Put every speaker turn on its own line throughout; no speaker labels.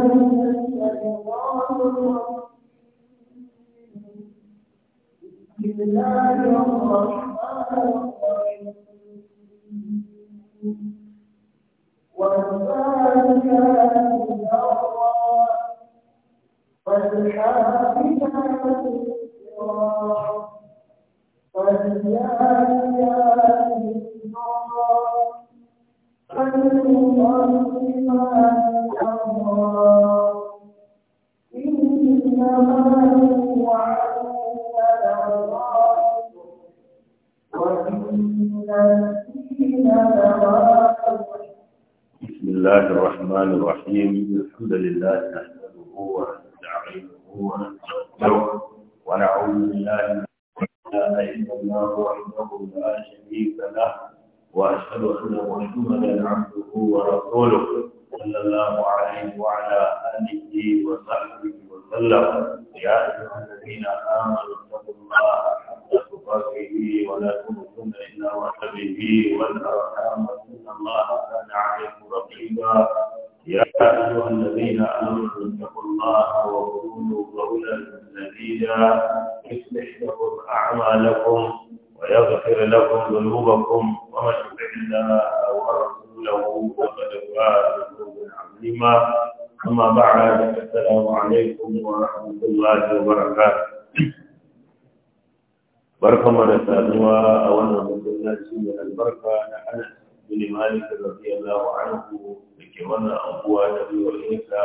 والحافظات والحافظات بسم الله
الرحمن الرحيم الحمد لله نحمده ونستعينه ونستغفره ونعوذ بالله من لا اله الا الله وحده لا شريك له وأشهد أن محمدا عبده ورسوله صلى الله عليه وعلى آله وصحبه وسلم يا أيها الذين آمنوا اتقوا الله حق تقاته ولا تموتن إلا وأنتم والأرحام إن الله كان عليكم رقيبا يا أيها الذين آمنوا اتقوا الله وقولوا قولا سديدا يصلح لكم أعمالكم ويغفر لكم ذنوبكم ومن يطع الله ورسوله فقد فاز فوزا عظيما اما بعد السلام عليكم ورحمه الله وبركاته
بركه من سادوا اولا
الناس من البركه انا بن مالك رضي الله عنه لكي وانا ابو نبي وإيكا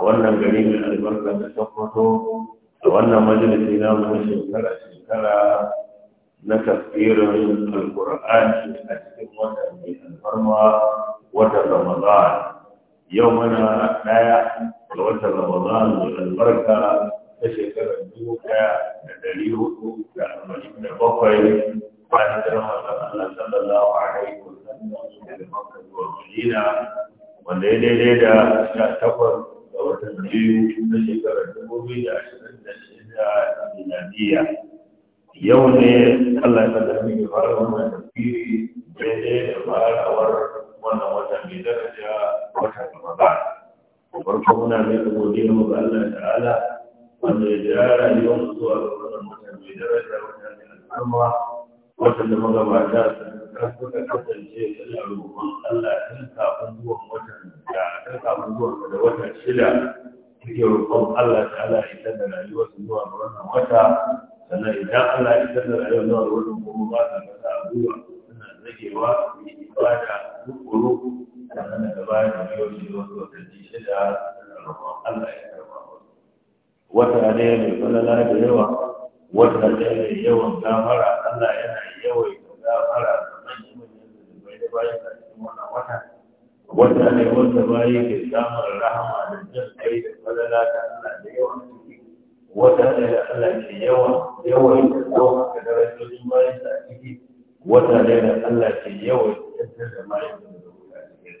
أولا قريب البركه تشقته أولا مجلس نام شكرا شكرا na tafsirin alkur'ani a cikin watan mai alfarma watan ramadan yau mana ɗaya da watan ramadan mai albarka ta shekarar dubu ɗaya da ɗari hudu da arba'in da bakwai bayan da ramadan allah sallallahu alaihi wa sallam daga makka zuwa madina wanda ya daidai da sha takwas da watan biyu na shekarar dubu biyu da ashirin da shida miladiyya
yau ne Allah ya kada mu
fara wannan tafsiri daidai da farawar wannan wata mai daraja wata Ramadan farko muna mai godiya mu ga Allah ta'ala wanda ya jira rayuwar mu zuwa ga wannan wata mai daraja wata mai alfarma wata da magabata suka kasance suna roƙon Allah tun kafin zuwan wata da tun kafin zuwan da wata shida suke roƙon Allah ta'ala ya kada rayuwar zuwa ga wannan wata sannan idan Allah ya sanar a yau na da wani kuma ba ta kasa abuwa suna zagewa yi ibada rukuru sannan da ba da yau shi wasu watanni shida roƙon Allah ya karɓa wata ne mai falala da yawa wata ne mai yawan gamara Allah yana yawaita gamara da manyan zunubai da bayan a cikin wannan wata wata ne wanda bayi ke samun rahama da jin kai da falala da Allah da yawa wata ne Allah ke yawan yawan da zuwa ga darajojin bayan da a ciki wata ne Allah ke yawan tattar da bayan da zuwa a cikin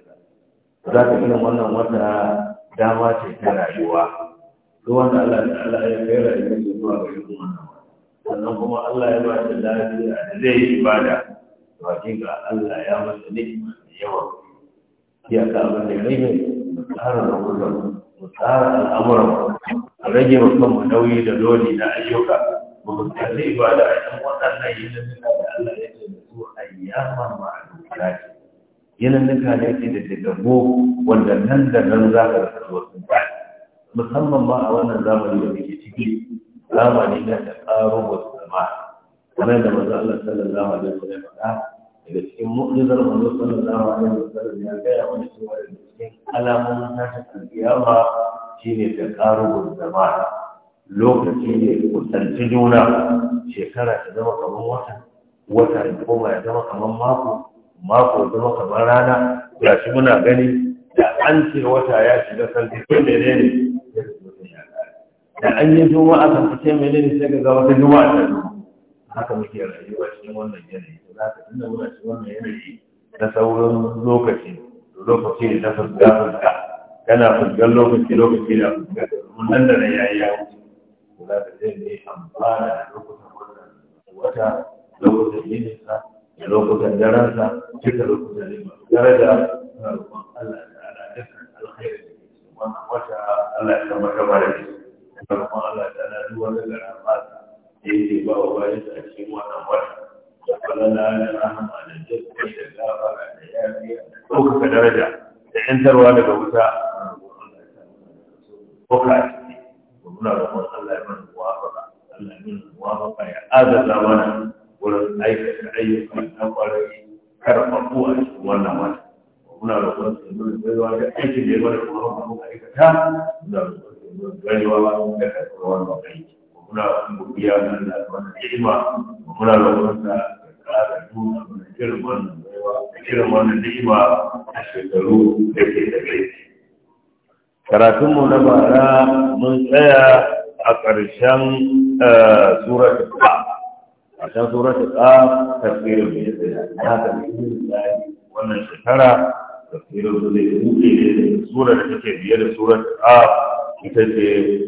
za ka gina wannan wata
dama ce ta rayuwa ko wanda Allah ta Allah ya kai rayuwa ce zuwa ga irin wannan sannan kuma Allah ya ba shi lafiya da zai yi ibada to hakika Allah ya masa ni'ima da yawa iyaka abin da ya rage tsarin da kullum mu tsara al'amuran a rage wa nauyi da lodi na ayyuka mu da ibada a cikin waɗannan nuka da Allah ya ce da su ayyaman ma'adukala yinannuka ne ke da daggabo wanda nan da nan za ka rasa wasu ba musamman ma a wannan zamani da muke ciki zamani na da ƙaro wasu zama kamar da maza Allah sallallahu alaihi wa sallam daga cikin mu'jizar manzo sallallahu alaihi ya gaya
mana cewa daga
cikin alamomin tashin alkiyama shine da karuwar zamana lokaci ne kusanci juna shekara ta zama kamar wata wata ya koma ya zama kamar mako mako zama kamar rana ga shi muna gani da an ce wata ya shiga sarki kun ne ne da an yi juma'a kan fice menene sai ga wata juma'a ta haka muke rayuwa cikin wannan yanayi za ka tunda muna cikin wannan yanayi na sauran lokaci lokaci ne na fuska fuska kana fuskan lokaci lokaci na fuska nan da nan yayi ya wuce za ka zai ne amfana da lokutan wannan wata lokutan yininsa da lokutan daransa duka lokutan ne masu daraja suna roƙon Allah ta'ala dukkan alkhairi da wannan wata Allah ya mara nisantarwa daga wuta ko ka ciki ba Allah ya mana muwafaqa Allah ya mana muwafaqa ya mana wurin aikata na ƙwarai karɓaɓɓu a cikin wannan wata gaiwa da aikin da ya kuma aikata da karɓar wannan aiki biya da wannan ƙara nuna girman girman ni'ima a shekaru da ke da laifi. Karatunmu na bara mun tsaya a ƙarshen eh, suratu ƙa ƙarshen suratu ƙa tafsirin da ya tsaya na tafsirin da wannan shekara tafsirin da zai buɗe da sura da take biye da suratu ƙa ita ce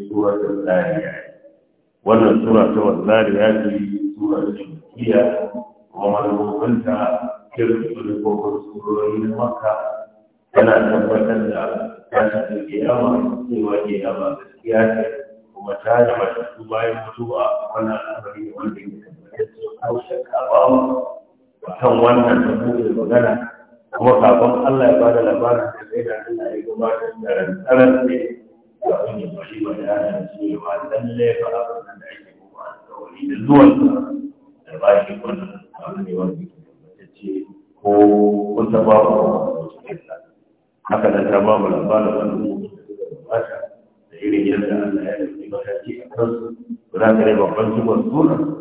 suratu ɗariya wannan sura ta wanzariya ce sura ta ke kuma ke irin su ko kusurori na maka yana tabbatar da da ke yawa tashin kiyama ya ba gaskiya ce kuma ta da matattu bayan mutuwa wannan al'amari ne wanda ya tabbatar da haushe kabawa kan wannan da buɗe magana kuma kafin Allah ya bada labarin da sai da Allah ya gabatar da rantsarar ne ga wani bashi bayanin cewa lalle fa abin da ake kuma alƙawari da zuwan ba ku haka nan ta ba mu labarin wani mata da irin yadda Allah ya rufe mataki a kansu ba za ka rai babban zubar sunan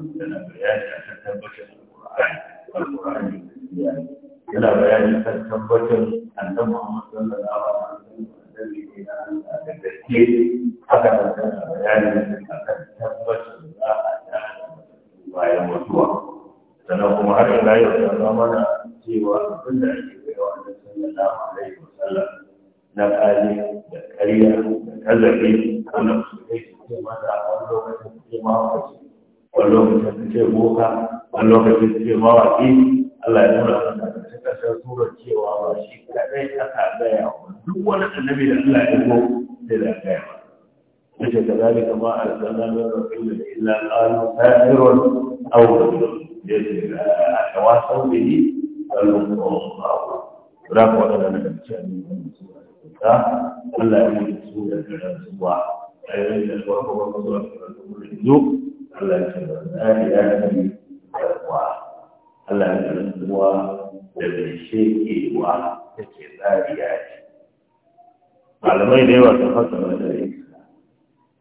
mai da yawa sun fassara da isa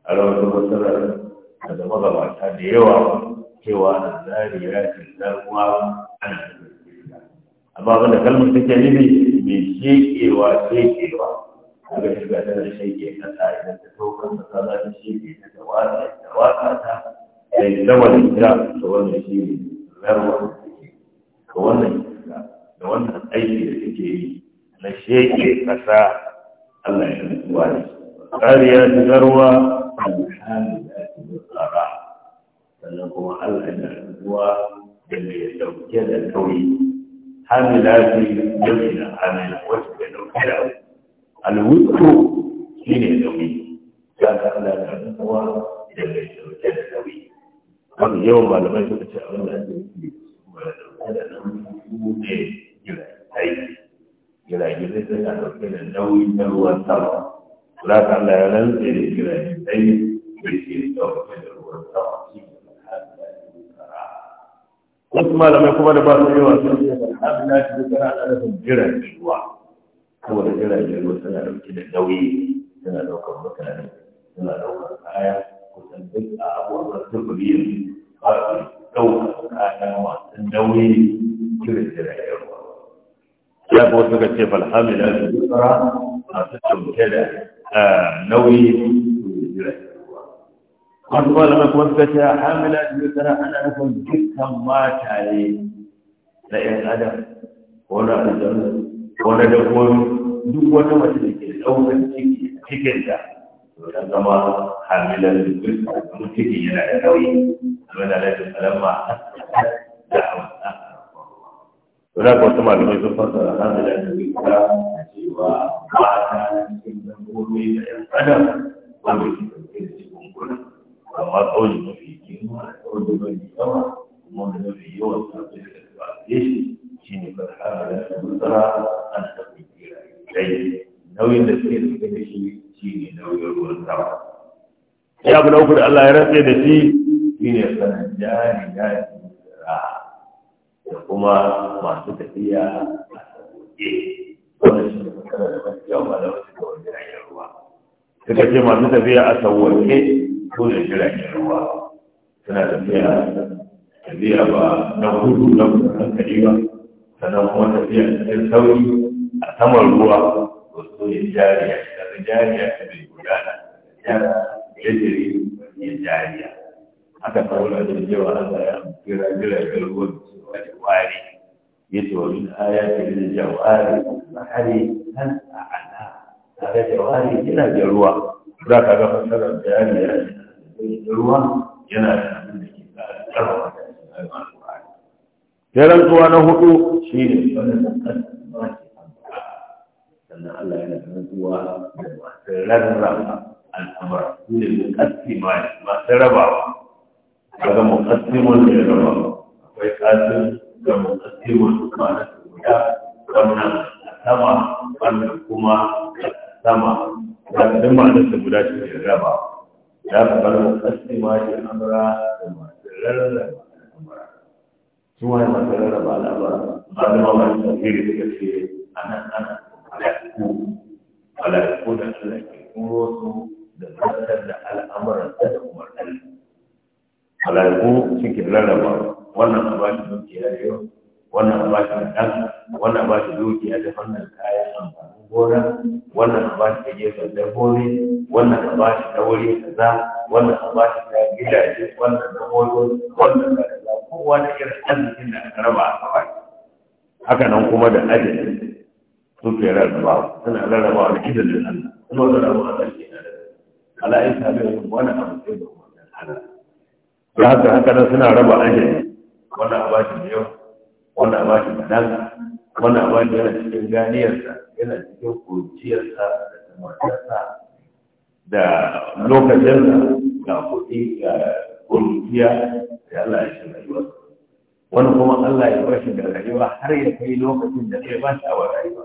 a rawar fassara a da magabata da yawa cewa a zari ya ce zarwa ana amma da kalmar take nufi mai shekewa shekewa daga shirga tana ta ta idan ta tauka ta da ta sheke ta ta wata ta wata ta da ita ta da wannan shi ne zarwa da wannan da wannan aiki da take yi na sheke kasa Allah ya rantsuwa da su kariya ta garwa alhamdulillah tsara sannan kuma Allah ya rantsuwa da mai dauke da tauri hamilati jamina hamila wasu ke ɗauke da alwutsu shine nauyi ya ga Allah ya ruwa da mai dauke da nauyi kan yawan malamai suka ce abin da ake yi da nauyi ne jira aiki jirage suna ɗauke da nauyi na ruwan sama za ka Allah ya rantse da jirage sai da ke ɗauke da ruwan sama shi ne wasu malamai kuma da ba su yawa sun ce alhamdu na shi duka na ɗarfin jirage ruwa
saboda jirage ruwa suna ɗauke da nauyi
suna ɗaukar mutane suna ɗaukar kaya kusan duk a abubuwan sufuri ba su ɗaukar kaya masu nauyi kiran jirage ruwa ya ga wasu ga ce falhamila da yusra masu ɗauke da nauyi wasu malama kuma suka ce hamila da yusra ana nufin dukkan mataye na 'yan adam ko na aljanu ko na dabbobi duk wata mace da ke ɗaukar ciki cikinta ta zama hamilar da duk ciki yana da nauyi. Wanda laifin alamma to da wasu malamai sun fassara hana da ta a cewa ba a ta cikin dabbobi da yan adam ba mai cikin cikin kuna amma kauli mafi girma kauli mafi yawa kuma da mafi yawan sabbin da ba a shi shi ne farhara da ta mutsara an ta kira dai nauyin da suke da suke da shi shi ne nauyin ruwan sama ya abu na uku da Allah ya rantse da shi shi ne sanar jari jari da da kuma masu tafiya a sauye wanda shi ne matsalar da mafi yawan malamai suka wani jiragen ruwa suka ce masu tafiya a sauye ko da jiragen ruwa suna tafiya tafiya ba na hudu na hankali ba sannan kuma tafiya cikin sauri a saman ruwa ko su ne jariya da jariya ta bai gudana jara ya jiri jariya aka tauna da cewa Allah ya kira jiragen ruwan cewa da wari ya ce wa min ayatin da jawari bahari hal a'ala tare da wari jiragen ruwa za ka ga fasarar bayani ya ce ruwa yana da abin da
ke ƙarfafa da alƙur'ani
sai rantsuwa na hudu shine wannan sannan Allah yana rantsuwa da masu rarraba al'amura su ne masu rabawa kaga muqaddimun da gaba akwai qasim da muqaddimun ma'ana guda wannan sama wannan kuma sama da duk ma'ana su guda ce da gaba ya ka bar muqaddima ji amra da masu rarraba al'amura su wani masu rarraba al'amura ba da ma wani tafiri suka ce anan ana malaiku malaiku da Allah ke turo su da zartar da al'amuran da umarnin halarku cikin rarraba wannan a bashi dukiya da yau wannan a bashi ɗan wannan a bashi dukiya da fannin kayan amfanin gona wannan a bashi da gefen dabbobi wannan a bashi da wuri kaza wannan a bashi da gidaje wannan da wuri wannan da kaza kowa da irin arzikin da aka raba a kawai haka nan kuma da ajiyar suke rarraba suna rarraba da izinin Allah kuma rarraba a ƙarshe na da ala'in sabi wani abu sai da umarnin Allah
da haka haka nan suna raba ajali
wannan a bashi da yawa wannan a bashi da nan wannan a bashi yana cikin ganiyarsa yana cikin kurciyarsa da tamartarsa da lokacinsa ga kuɗi ga kurciya da Allah ya shi rayuwarsa wani kuma Allah ya bashi da rayuwa har ya kai lokacin da zai ba shi a rayuwa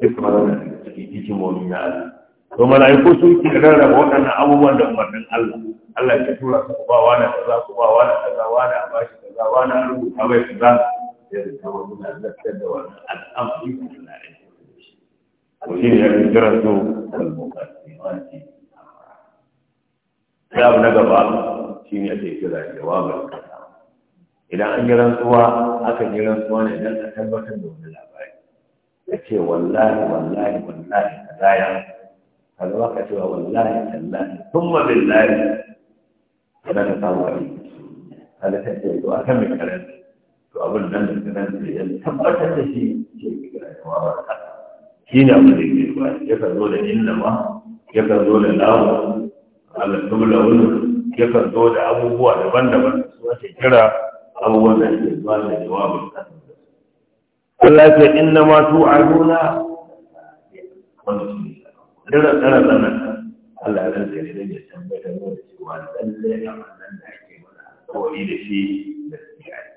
duk kuma zan cikin hikimomi na Allah to mala'iku su ke rarraba waɗannan abubuwan da umarnin Allah Allah ya tura su ba wani kaza ku ba wani kaza wani a bashi kaza wani a rubuta bai kaza ya zama muna zartar da wannan al'amari da Allah yi ko shi
ne ya ke kira su
al-muqaddimat
Ya abu na gaba
shi ne ake kira jawabin kasa idan an yi rantsuwa aka yi rantsuwa ne idan ka tabbatar da wani labari ya ce wallahi wallahi wallahi kaza ya kaga ba ka cewa wallahi tallahi thumma billahi kada ka samu kai kada ka ce to akan mai karan to abin nan da karan sai ya tabbatar da shi ke kira da wawa shi ne abin da ke ba ya ka zo da inna ma ya ka zo da lawa Allah tumla wani ya ka zo da abubuwa daban-daban su ake kira abubuwan da ke zuwa da jawabin kasa Allah ya ce inna ma tu'aduna wannan dara dara nan Allah ya rantsa ne dan ya tabbatar da cewa lalle wannan da ake mana alƙawari da shi da kiyaye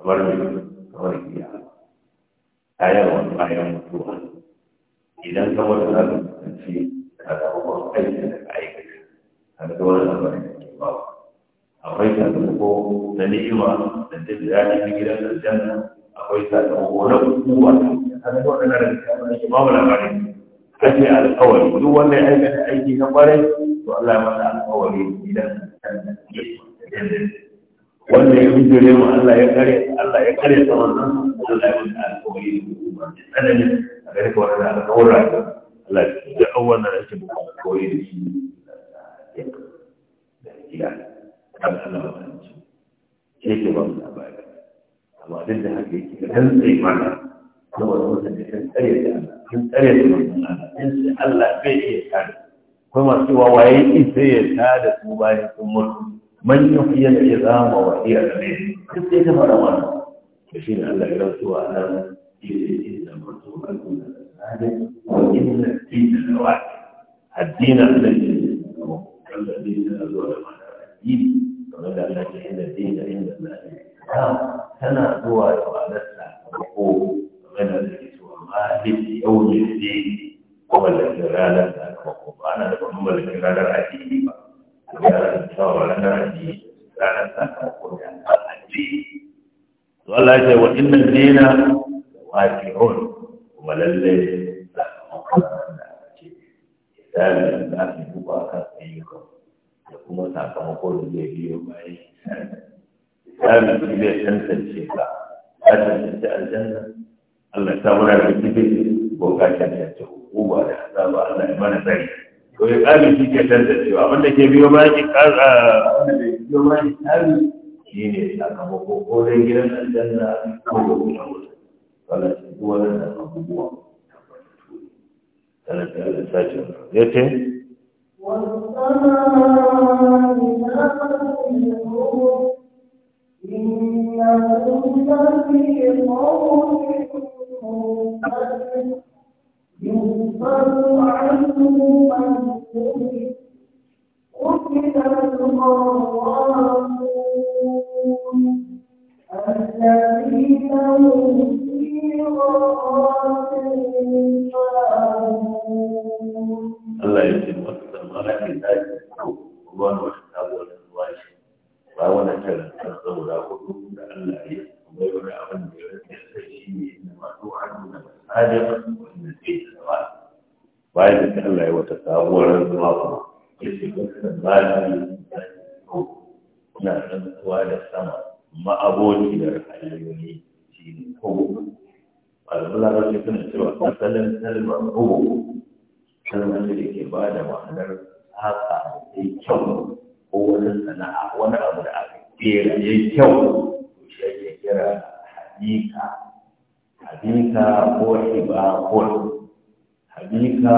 kamar me kamar kiyaye ayar wani bayan mutuwa idan ka wata za ka kasance ka zama ba aiki da ka aikata a ga wani labarin da ke ba akwai sakamako na ni'ima da jin daɗi na gidan aljanna akwai sakamako na kuma a ga wani labarin da ke ba labarin أجل الأول دول لأجل أيدي نظري وألا من الأول إلى وأن يريد لهم أن لا يكره أن لا يكره طبعاً وأن لا يكون الأول من ذلك وأن لا نقول لك لا أولاً لا يجب أن يكون الأول يعني أبدا ما أنت شيء ما أنت أبدا ما أنت هكذا هل أي معنى هو المتكفل قرية من قرية من إن الله بيئي كان كما سوى ويئي سيئي كان سبايا ثم من يحيي العظام وهي رميم كيف يتفعل وانا فشين الله لو سوى أنا إذا مرتوك أكون وإن الدين الواحد الدين الذي الذي نزل الدين ومن الذي عند الدين عند الله سنة هو وعدتها الحقوق magana da ke cewa maliki yau ne ne ko da ranar da aka mako ba na da kuma mallakin ranar addini ba kuma ya da cewa ranar addini ranar da aka mako da addini to Allah ya ce wa inna dina waqi'un kuma lalle da mako da ce idan da aka duba kan ayyuka da kuma sakamako da zai biyo bayan hisabi hisabi zai tantance ka ka tantance aljanna Allah ta muna da cikin bukata da ta hukuma da azaba Allah ya mana tsari to ya kabi shi ke tantancewa abin da ke biyo bayan ki kaza abin ke biyo bayan ki kabi shi sakamako ko dai gidan aljanna ko da wuta wuta wala shi wala da abubuwa kana da Allah ta ce yace
والسماء إنه لفي قول يغفر عنه من قتل الغرامون الذين هم في غرامهم
alƙur'ani na rantsuwa da sama ma'aboci da ra'ayoyi shi ne hubu malamin larabci suna cewa asalin kalmar hubu kalmar da ke ba da ma'anar haka ya kyau ko wani sana'a wani abu da aka kera ya kyau to shi ake kira hadika hadika ko hiba ko hadika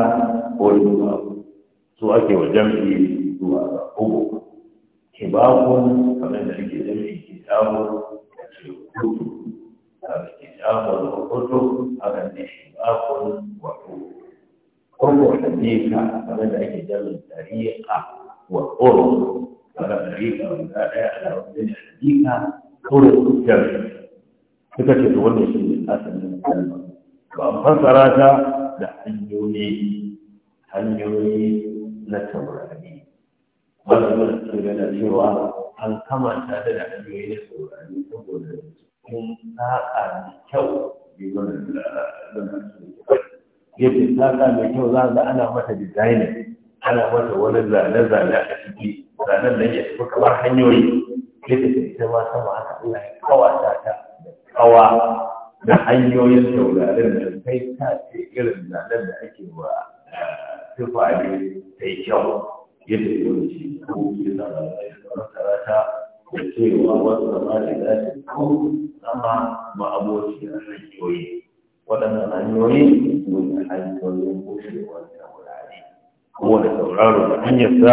ko hiba so ake wa jam'i zuwa ga ubu kibabun kamar da ake jami'in kitabu da ce kutu haka kitabun wa kutu haka ne shibabun wa ubu kurku hadika kamar da ake jami'in tariqa wa uru haka tariqa guda ɗaya ana wajen hadika uru jami'in suka ce wannan shi ne asalin kalma ba an fassara ta da hanyoyi hanyoyi na taurari
malamin sun gana cewa an
kama ta da hanyoyi na saurari saboda sun saƙa da kyau bai zama da zama yadda saƙa mai kyau za ga ana mata designer ana mata wani zane-zane a ciki zanen da ya tafi kamar hanyoyi yadda ta ita ma sama haka Allah ya kawata ta da kawa da hanyoyin saurarin da kai ta ce irin zanen da ake wa eh, tufa ne ta yi kyau yadda yawanci ko ke da masara ta da cewa wasu zama da gashi ko zama ma aboki a hanyoyi waɗannan hanyoyi mun hanyoyin kusurwa da wurare kowane sauraro da hanyarsa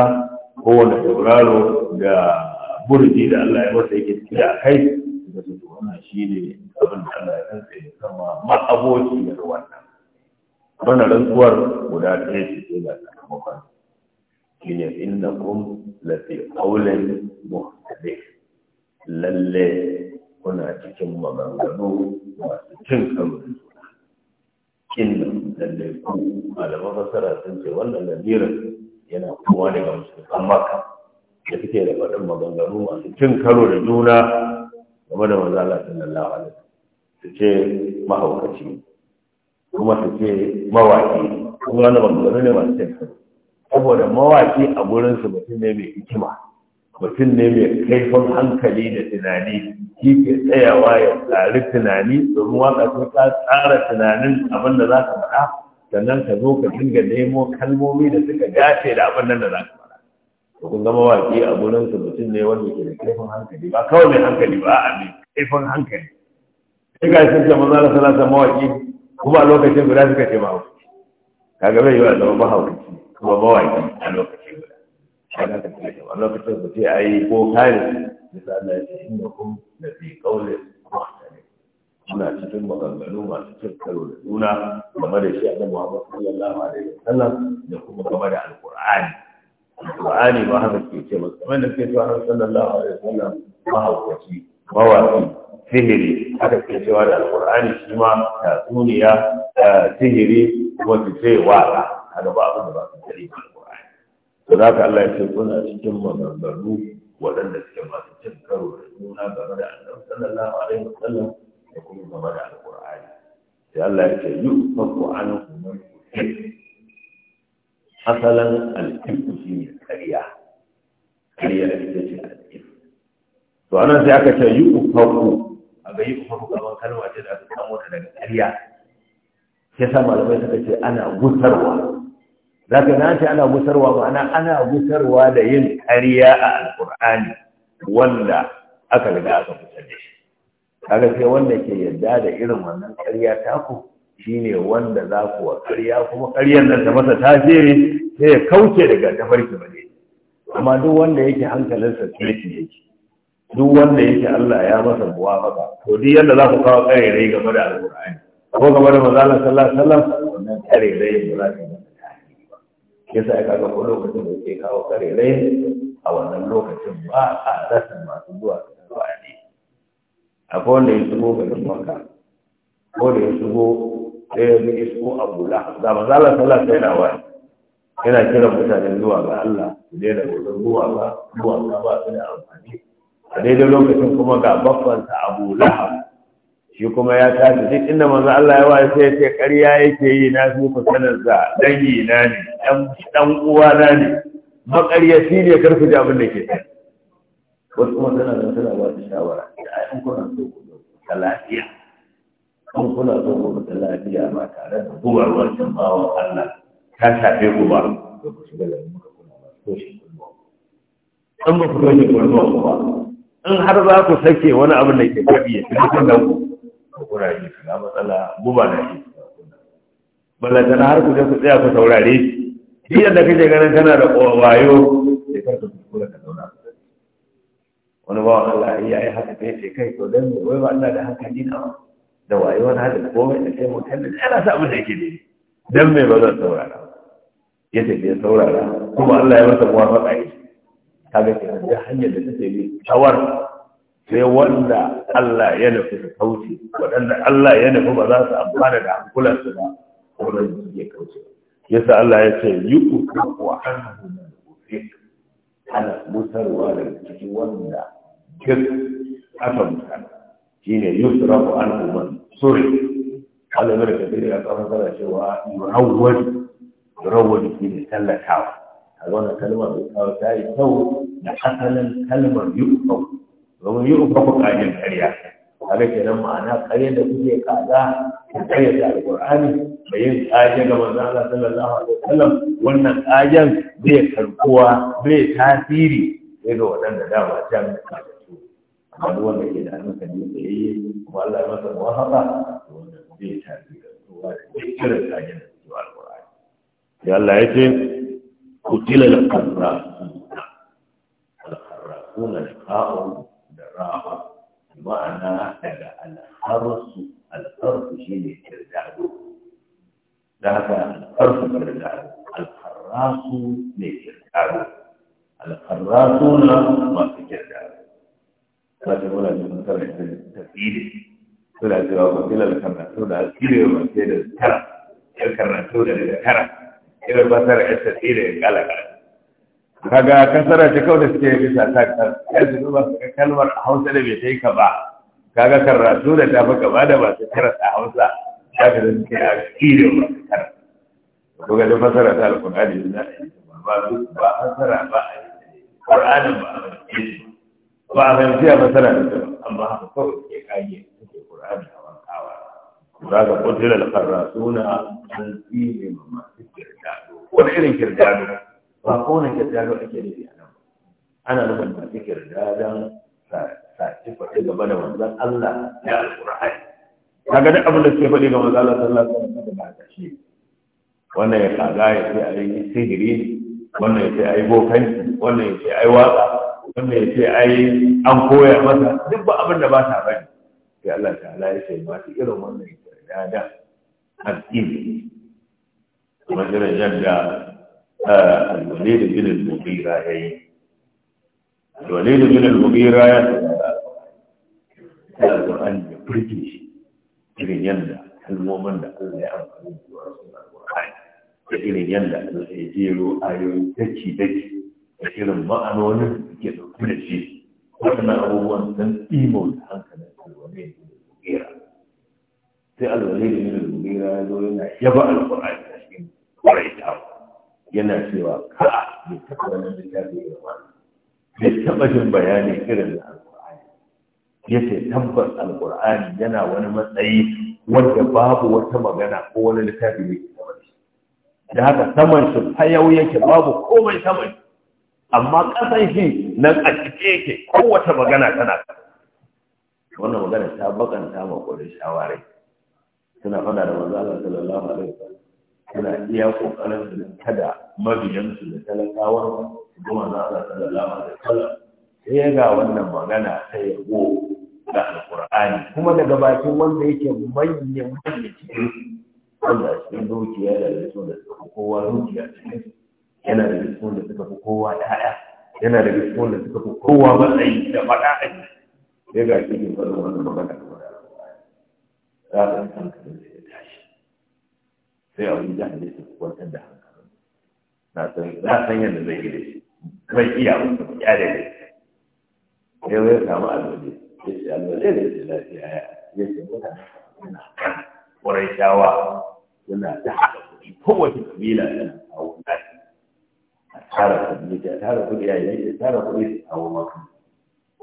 kowane sauraro da burji da Allah ya masa yake ciki a kai da su wannan shi ne abin da Allah ya kansa ya sama ma aboki da wannan Bana rantsuwar guda ɗaya ce ga sakamakon shine innakum la fi qawlin muhtalif lalle kuna cikin maganganu masu cin karo da juna lalle ku malaman fasara sun ce wannan lamirin yana kuma daga musulman maka da suke da faɗin maganganu masu cin karo da juna game da manzala sallallahu alaihi su ce mahaukaci kuma su ce mawaki kuma wani maganganu ne masu cin karo saboda mawaƙi a gurinsu mutum ne mai hikima mutum ne mai kaifin hankali da tunani shi ke tsayawa ya tsari tunani domin waka sun ka tsara tunanin abin da za ka faɗa sannan ka zo ka dinga nemo kalmomi da suka dace da abin nan da za ka faɗa to kun ga mawaƙi a gurinsu mutum ne wanda ke da kaifin hankali ba kawai mai hankali ba a mai kaifin hankali sai ga sun ce maza da rasa mawaƙi kuma a lokacin guda suka ce mahaukaci kaga bai yi wa zama mahaukaci kuma mawaki a lokaci guda shaga ta kula da lokacin da ce yi ko kare misali Allah ya ce inna kum la fi qawli muhtalif muna cikin maganganu masu cin karo da juna game da shi a annabi Muhammad sallallahu alaihi wasallam da kuma game da alqur'ani alqur'ani ba haka ke ce masa kamar da ke cewa sallallahu alaihi wasallam mahaukaci mawaki sihiri haka ke cewa da alqur'ani shi ma tatsuniya eh, sihiri kuma ce waka kaga ba abin da ba su kare ba alqur'ani to ka Allah ya ce kuna cikin maganganu waɗanda suke masu cin karo da suna game da annabi sallallahu alaihi wasallam da kuma game da alqur'ani sai Allah ya ce yufaku anhu man asalan al-ibtu fi kariya kariya da ita ce al-ibtu to anan sai aka ce yi ufaku a ga yi ufaku kamar kalma ce da aka samu ta daga ƙarya ya sa malamai suka ce ana gusarwa za na ce ana gusarwa ma'ana ana gusarwa da yin ƙarya a Alkur'ani, wanda aka riga aka fitar da shi kaga sai wanda ke yadda da irin wannan ƙarya taku shine wanda za ku wa ƙarya kuma ƙaryar nan ta masa tasiri sai ya kauce daga tafarki ba ne amma duk wanda yake hankalinsa kirki yake duk wanda yake Allah ya masa muwafaka maka to duk yadda za ku kawo ƙarerai game da Alkur'ani. ko game da mazalar sallallahu alaihi wannan kare rai ba za su yi yasa ya kaga ko lokacin da ke kawo kare rai a wannan lokacin ba a rasa masu zuwa su zuwa ne akwai wanda ya shigo garin maka ko da ya shigo sai ya bi isko abu la ga manzala sallallahu na wasallam yana kira mutane zuwa ga Allah su da wutar zuwa ga zuwa ba su da amfani a daidai lokacin kuma ga babbansa abu lahab shi kuma ya tafi duk inda manzo Allah ya waye sai ce ƙarya yake yi na su kusanarsa dangi na ne dan uwa na ne shi ne karfi da abin da ke sai wasu kuma tana da tana ba ta shawara da ai in kuna so ku ta lafiya an kuna so ku ta lafiya ba tare da gubar wancan bawan Allah ta shafe ku ba an ku shiga muka ba ku shi kuma in ku kuma ba in har za ku sake wani abin da ke faɗi ya fi cikin ku ko kuraje su na matsala guba na shi ballanta na har ku je ku tsaya ku saurare shi yadda kake ganin kana da wayo
sai ka kuskura ka zauna
wani ba Allah ya yi haka ta yace kai to dan wai ba Allah da hankali na da wayo wani hada komai da kai mutum da yana sa abin da yake daidai dan me ba zan saurara ya ce ya saurara kuma Allah ya masa muwafaka yi kaga kenan da hanyar da take bi shawar sai wanda Allah ya nufi su kauce waɗanda Allah ya nufi ba za su amfana da hankulansu ba wurin ya kauce yasa Allah ya ce yi uku wa hannu da gobe ana musarwa daga ciki wanda duk aka musana shi ne yusra ko an umar suri alamar da kafin ya kafa sana cewa yurawwani yurawwani shi ne tallatawa a wannan kalmar da ta yi kyau da asalin kalmar yusra domin yi ubaku kajin karya ke nan ma'ana karya da kuke kaza ku karya da alqur'ani da yin kaje ga manzo Allah sallallahu alaihi wasallam wannan kajen zai karkuwa zai tasiri sai ga waɗanda dama can su amma duk wanda ke da hankali da yayi kuma Allah ya masa muwafaqa to wannan zai tasiri kowa da dukkan kajen da su alqur'ani ya Allah ya ce ku al-qarra al-qarra kuna sha'a'u الكرامة معنى الحرص الحرص شيء الكرداد ذاك الحرص الكرداد الحراس للكرداد
الحراسون
ما في كرداد لكن ولا تنكر التفكير ولا تنكر الكرناتون الكير ولا تنكر الكرناتون الكرناتون الكرناتون الكرناتون الكرناتون الكرناتون kaga kasara ce kawai da suke bisa ta su ba su kalmar a hausa da bai ta yi ba kaga karatu da tafi gaba da ba su karanta a hausa ga da suke a kiri ba su karanta ko ga da fasara ta alƙur'ani da za a yi ba su ba fasara ba a yi ƙur'anin ba a yi ba a fahimci a fasara da su amma haka kawai ke kage suke ƙur'ani a wankawa za ka ƙuntula da karratuna an tsine ma masu kirdado wani irin kirdado ba kowane kirgado ake da a nan ana nufin masu kirgadon sace faɗi gaba da manzan Allah ya alqur'ani
kaga duk abin da ke faɗi ga
manzan Allah sallallahu alaihi wasallam ba ta shi wannan ya kaga ya ce a yi sihiri wannan ya ce a yi bokanci wannan ya ce a yi wannan ya ce a yi an koya masa duk ba abin da ba ta bane sai Allah ta'ala ya ce masu irin wannan kirgadon addini kuma irin yadda al-walid bin al-mughira yayi al-walid bin al-mughira ya tsaya al-qur'ani ya furke shi irin yadda kalmomin da Allah ya amfani da su a Qur'ani da irin yadda Allah ya jero ayoyi daki daki da irin ma'anonin da ke dauke da shi wannan abubuwan sun imo da hankalin alwalai da mugira sai alwalai da mugira ya zo yana yaba alqur'ani da shi kwarai yana cewa ka bai taɓa wannan littafi ya wani bai taɓa jin bayani irin na alƙur'ani ya ce tabbas alƙur'ani yana wani matsayi wanda babu wata magana ko wani littafi ne da haka saman shi fayau yake babu komai saman amma ƙasan shi nan a cike yake kowace magana tana wannan magana ta bakanta ma kodin shawarai suna fada da manzo Allah sallallahu alaihi wasallam kana iya kokarin su kada mabiyansu da talakawar su kuma za a sallallahu da kala. sai ga wannan magana ta yabo da alqur'ani kuma daga bakin wanda yake manyan manyan cikin wanda cikin dukiya da yaso da suka kowa dukiya cikin yana da cikin da suka fi kowa ɗaya yana da cikin da suka fi kowa matsayi da faɗa a ji sai ga shi faɗin wannan magana da wani za a san da ya tashi sai a wani jahilai su kwantar da hankali na san yadda zai gida shi bai iya wata ya daidai. ne sai wai samu alwaje ya ce alwaje da ya ce lafiya ya ya ce mutane suna kwarai shawa suna ta haɗa kuɗi kowace kabila tana kawo nashi a tara kuɗi ta tara kuɗi Ya yi ta tara kuɗi ta kawo maka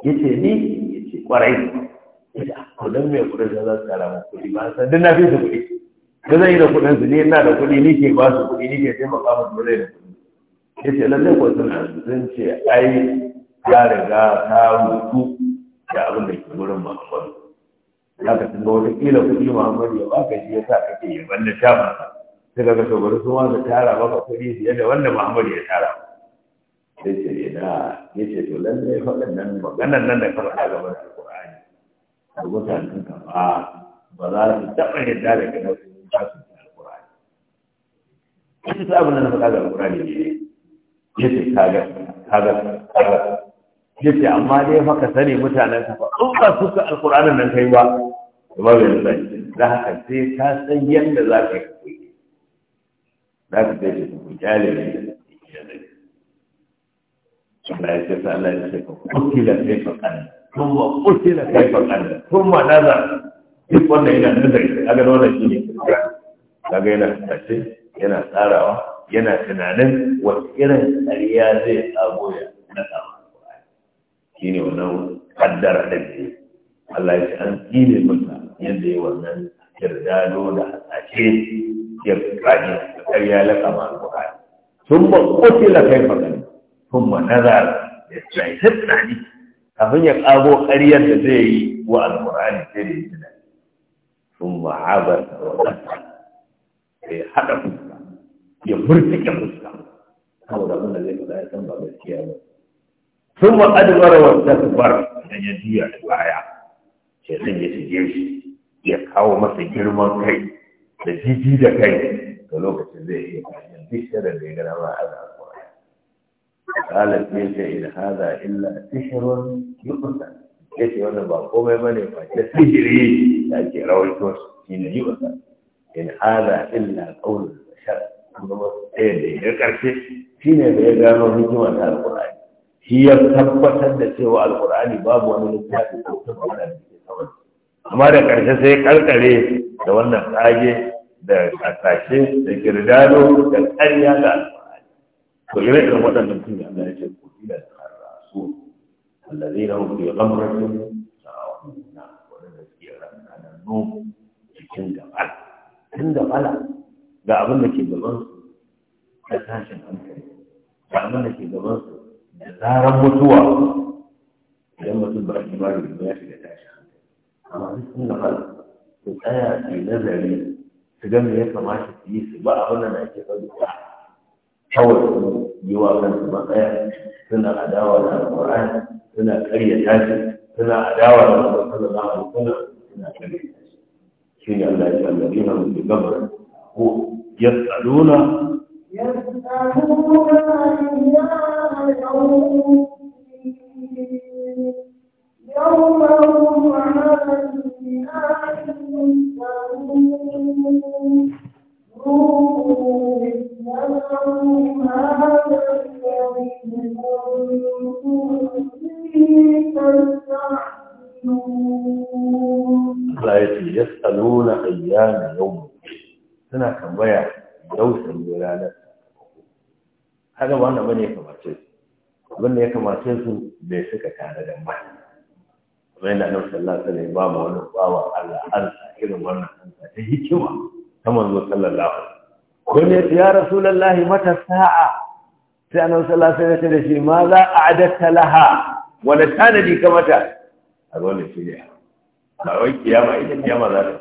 ya ce ni ya ce kwarai ya ce a kudin mai kuɗi za su tara kuɗi ba san duk na fi su kuɗi da zai yi da kuɗin su ne ina da kuɗi ni ke ba su kuɗi ni ke taimaka musu ba da kuɗi ya ce lallai ko suna sun ce ai ya riga ta mutu da abin da ke wurin mamakon Ya ka tunga wata kila kuɗi muhammadu ya baka shi ya sa kake yi wanda shafa sai ka ga bari su ma su tara maka kuɗi fiye da wanda muhammadu ya tara sai ce da ya ce to lallai faɗannan maganan nan da ka faɗa gaban alƙur'ani da mutanen kama ba za su taɓa yadda da kana su za su ji alƙur'ani ita ta abin da na faɗa ga alƙur'ani ne ya ce kaga kaga kaga ya amma dai maka sani mutanen ka ba in ba su ka alƙur'anin nan kai ba da ba bai sani za haka sai ka san yadda za ka yi za ka sai ku kyale ne Allah ya ce sa Allah ya ce ka kutila kai fa kan ثم قتل كيف قال ثم نظر duk wanda yana nazari kaga da wannan shine kaga yana tace yana tsarawa yana tunanin wani irin tsariya zai tsago ya na tsama shine wannan kaddara da ke Allah ya ce an tsine masa yadda ya wannan kirdado da hasashe ya kaji da karya laƙama ma qurani sun ba kotila kai fakan sun ma nazar ya tsaye tsani kafin ya kago ƙaryar da zai yi wa al-Qur'ani sai da sun ba haɓar sai haɗa fuska ya murtuke fuska saboda abin zai faɗa ya san ba gaskiya ba sun ba adamar wata zubar da ya juya da baya sai zan ya shige shi ya kawo masa girman kai da jiji da kai ga lokacin zai iya kajin duk shirin da ya gana ma a zaɓa. Kalar ce ce in haza illa sihirun yi kusa. ya ce wannan ba komai ba ne ba ta sihiri da ke rawar su shi ne yi wasa in hada illa ƙaunar bashar kuma ɗaya da ya ƙarshe shi ne da ya gano hikima ta alƙur'ani shi ya tabbatar da cewa alƙur'ani babu wani littafi ko ta bada da ke saman amma da ƙarshe sai karkare da wannan ƙage da ƙasashe da girdano da ƙarya da alƙur'ani to ire-iren waɗannan tun da Allah ya ce الذين هم في غمرة ساهون waɗanda suke ranannu cikin gabal cikin gabala ga abin da ke gabansu na tashin hankali ga abin da ke gabansu da zarar mutuwa idan mutum ba shi ba da ya shiga tashin hankali amma cikin gabala su tsaya su yi nazari su ga me ya kamata suyi su ba abin da na ke kawai su yi wa kansu matsaya suna adawa da alƙur'ani suna karya tashi suna adawa da manzon sallallahu alaihi wasallam suna karya tashi shi ne Allah ya ce alladina hum fi qabr ko yas'aluna yas'aluna
ayyana yawm Allah ya ce ya tsalo na ayyana yau
suna tambaya yau sanyo ranar haka ba na bane ya kamace su abin da ya kamace su bai suka tare da ba kamar na nan sallallahu alaihi ba wani bawa Allah an wannan an ta hikima ta manzo sallallahu alaihi wani ya ce ya rasulallahi mata sa'a sai annabi sallallahu alaihi wasallam ya ce da shi ma za a adatta laha wani tanadi ka mata a wannan shirya ba wai kiyama ita kiyama za ta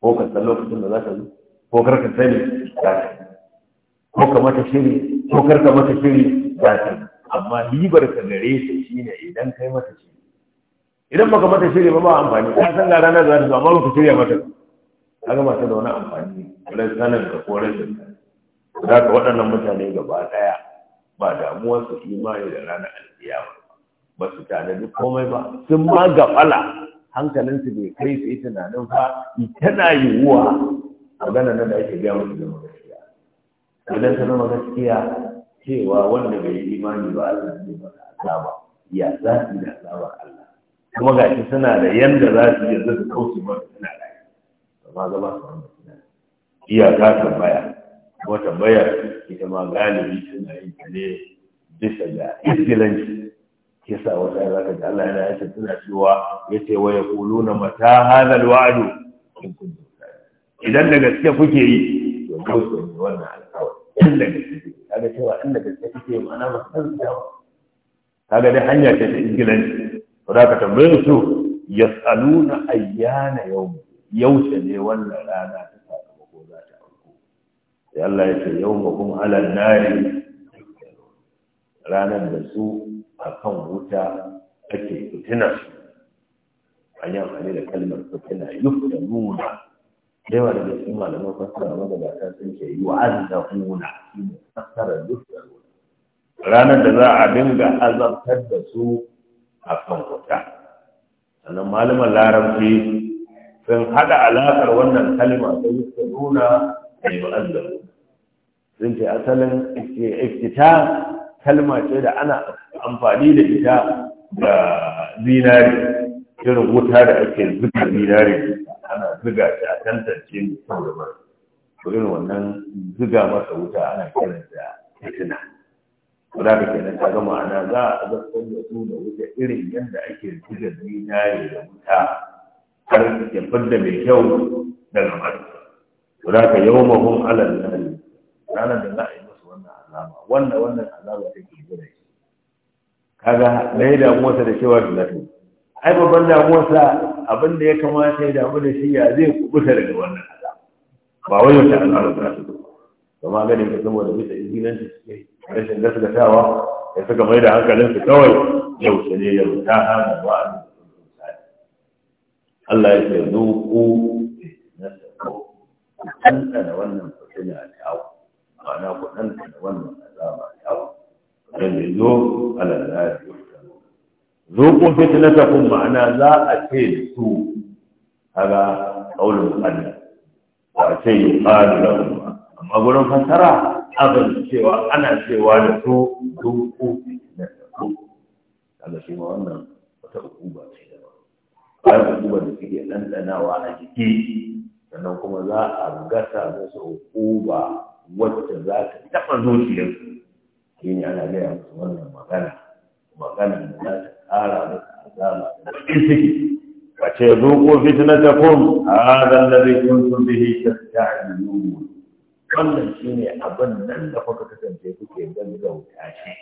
ko ka san lokacin da za ta zo ko kar ka sani za ta ko ka mata shiri ko kar ka mata shiri za ta amma ribar ka gare ta shine idan kai mata shiri idan baka mata shiri ba ba amfani ka san ga ranar za ta zo amma baka shirya mata kaga mata da wani amfani ne sanin ka ko rashin za ka waɗannan mutane gaba ɗaya ba damuwa su imani da ranar alkiyama ba su tanadi komai ba sun ma gafala hankalinsu bai kai su yi tunanin fa tana yiwuwa magana nan da ake gaya musu da magaskiya idan ta zama gaskiya cewa wanda bai yi imani ba Allah zai masa azaba ya za su da azabar Allah kuma ga shi suna da yanda za su yi yanzu su kauce masa suna da amma gaba su wanda suna da iyaka tambaya kuma tambayar ita ma galibi tana yin ta ne bisa ga iskilanci kisa wata ya zaka Allah yana yace tana cewa yace wa yaquluna mata hadha alwa'du in kuntum idan da gaske kuke yi to ko ne wannan alƙawari in da gaske kaga cewa da gaske kuke ma'ana ba san Ta kaga dai hanya ce ta iskilanci to da ka tambaye su yas'aluna ayyana yawm yaushe ne wannan rana sai Allah ya ce yau ma kuma ala nari ranar da su a kan wuta ake fitina an yi amfani da kalmar fitina yuf da nuna da yawa daga cikin malaman fassara magabata sun ce yi wa da shi ne fassara da nuna
ranar da za a dinga azabtar
da su a kan wuta sannan malaman larabci sun haɗa alaƙar wannan kalma ta yuf da nuna da yi wa zan ce asalin iftita kalma ce da ana amfani da ita ga zinari irin wuta da ake zuga zinari ana zuga shi a tantance mutum da mara to irin wannan zuga masa wuta ana kiran da fitina to da kake nan kaga ma'ana za a zartar da su da wuta irin yadda ake zuga zinari da wuta har ya fadda mai kyau daga mara to da ka yau mahun alal ranar da za a yi masa wannan alama wannan wannan ta ke gura shi kaga na yi damuwarsa da cewa da lafi ai babban damuwarsa abin da ya kamata ya damu da shi ya zai kubuta daga wannan alama. ba wai wata alama za su ba ma ganin ka saboda bisa izinin su suke rashin gaskatawa ya suka mai da hankalin su kawai yau sai ne yau ta hana ba a Allah ya ce zuku na sako an tsana wannan fitina ta ma'ana ku da wannan azaba ta kamar da zo alal nari yuhtanu zuqu fitnatakum ma'ana za a ce da su kaga Allah ba wa ce yuqalu lahum amma gurin fasara abin cewa ana cewa da su zuqu fitnatakum kaga shi ma wannan wata ukuba ce da ba bayan ukuba da suke ɗanɗanawa a jiki sannan kuma za a gasa musu ukuba wacce za ta taɓa zuciyar shi ne ana gaya musu wannan magana magana da za ta ƙara musu azaba da baƙin ciki wace zuƙo fitnatakum hadha shi ta bihi tasta'jilun wannan shine abin nan da kuka kasance kuke da wuta shi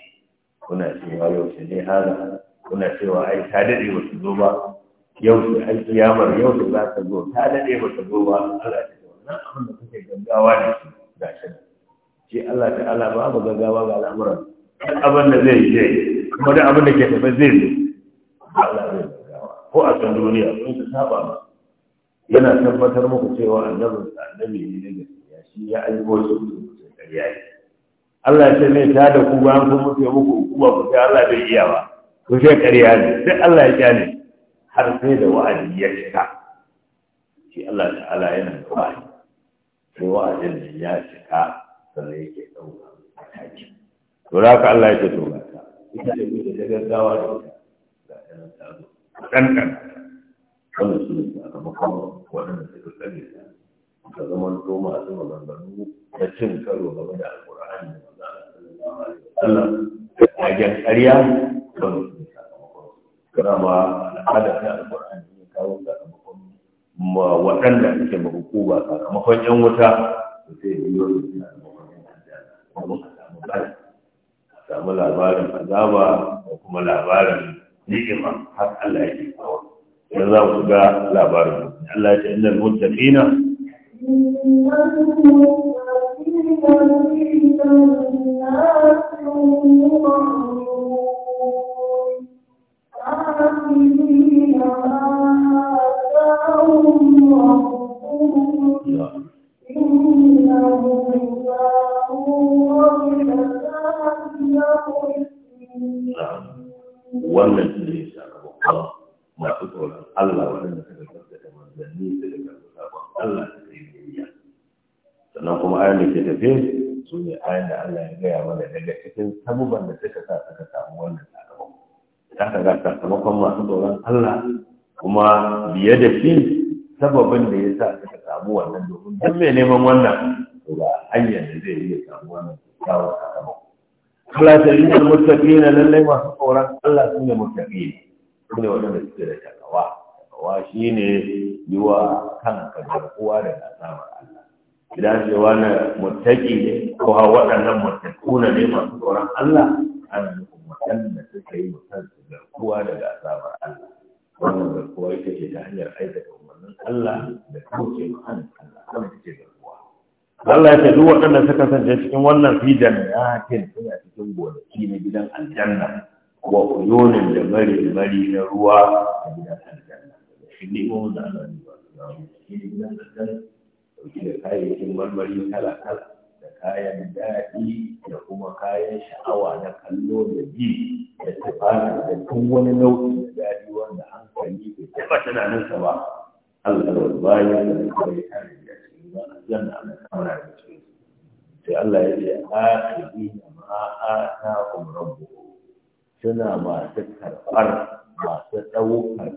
kuna cewa yau shi ne hada kuna cewa ai ta daɗe ba su zo ba yau shi ai kiyamar yau da za ta zo ta daɗe ba ta zo ba Allah ya ce wannan abin da kuke gaggawa da shi shi Allah ta'ala babu gaggawa ga al'amuran duk abin da zai je kuma duk abin da ke tafi zai zo Allah zai gaggawa ko a kan duniya sun ta saba ba yana tabbatar muku cewa annabin annabi ne na gaskiya shi ya aiko shi mutum ƙarya ne Allah ce ne ta da ku bayan kun sai muku hukuma ku sai Allah bai iya ba ku sai ƙarya ne sai Allah ya kyale har sai da wa'adi ya cika shi Allah ta'ala yana da wa'adi sai wa'azin nan ya cika sannan yake ɗauka a taki to da haka Allah ya ce to ga ta ita ce ku da gaggawa da ita ga ta nan ta zo wannan su ne sakamakon waɗanda suka tsare ta ka zama to masu maganganu na cin karo game da al-ƙur'ani alƙur'ani da manzana sallallahu alaihi wasallam da kagen ƙarya wannan su ne sakamakon kuma ma al'ada ta al-ƙur'ani da ne kawo ga waɗanda suke ba hukuma sakamakon yan wuta da sai da yiwuwar da suna da mamakin aljanna kuma a samu bari a samu labarin azaba da kuma labarin ni'ima har Allah yake kawo idan za mu ga labarin Allah ya ce innal muttaqina Thank you. wannan shi ne sakamakon masu tsoron Allah waɗanda suka gaskata manzanni suka karɓi sabon Allah suka yi biyayya sannan kuma ayan da ke tafe su ne ayan da Allah ya gaya mana daga cikin sabuban da suka sa suka samu wannan sakamakon ta ga sakamakon masu tsoron Allah kuma biye da shi sababin da ya sa suka samu wannan domin don mai neman wannan ga hanyar da zai iya samu wannan kyawun sakamako Allah ta yi mutaki na lallai masu tsoron Allah sun yi ne. su ne waɗanda suke da takawa takawa shi ne yi wa kanka garkuwa da asamar Allah idan ce wani mutaki ne ko ha waɗannan mutakuna ne masu tsoron Allah ana nufin da suka yi mutansu garkuwa daga asamar Allah wannan garkuwa ita ce ta hanyar aikata umarnin Allah da kuma ke hannun Allah kan take garkuwa Allah ya ce duk waɗanda suka kasance cikin wannan ya jannatin suna cikin gonaki na gidan aljanna wa uyunin da mari mari na ruwa a gidan aljanna shi ne ko da Allah ne ba su da gidan aljanna da kayayyakin marmari kala kala da kayan daɗi da kuma kayan sha'awa na kallo da ji da tafara da tun wani nau'i da daɗi wanda hankali bai taɓa tunaninsa ba Allah ya bayan da kawai kare da cikin wannan janna Allah ta kamar da ke sai Allah ya ce akhirin ma ta rabbukum suna masu karɓar masu ɗaukar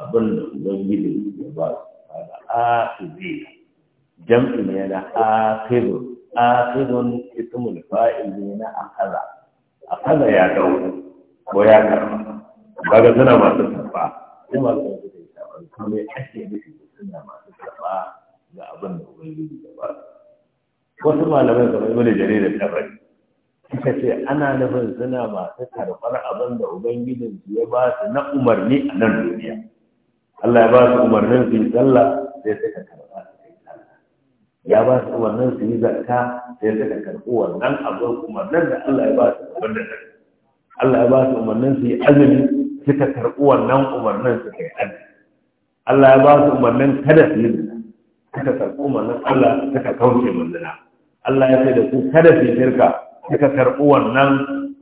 abin da ubangiji ya ba su kaga akhirin jam'i yana na akhirin akhidun ismul fa'ili na akaza akaza ya dau ko ya karba kaga suna masu karba sai masu karba da karba kuma ake nufi suna masu karba ga abin da ubangiji da ba wasu malamai kamar ibnu jari da tabari suka ce ana nufin suna masu karbar abin da ubangiji ya ba su na umarni a nan duniya Allah ya ba su umarnin su yi sallah sai suka karba ya ba su wannan su yi zakka sai suka karɓi wannan abin umarnin da Allah ya ba su wanda ta Allah ya ba su umarnin su yi azumi suka karɓi wannan umarnin su yi azumi Allah ya ba su umarnin kada su yi zina suka karɓi umarnin Allah suka kauce manzana Allah ya sai da su kada su yi shirka suka karɓi wannan